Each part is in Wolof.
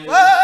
Whoa!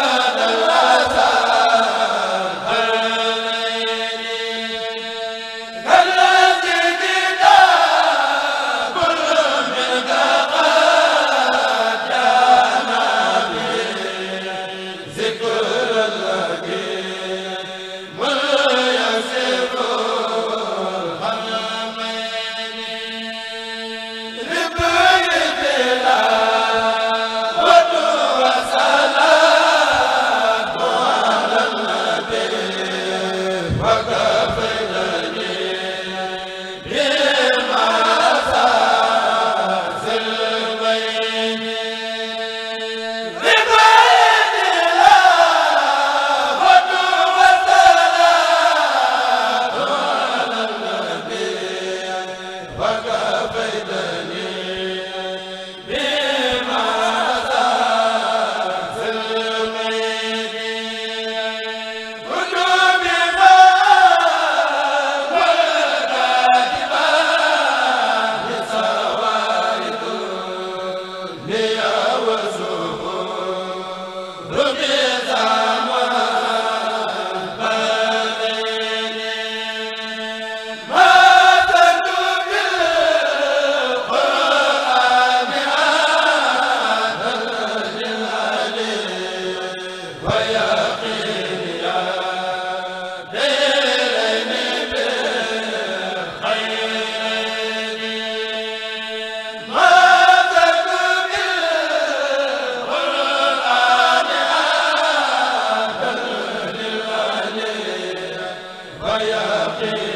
ya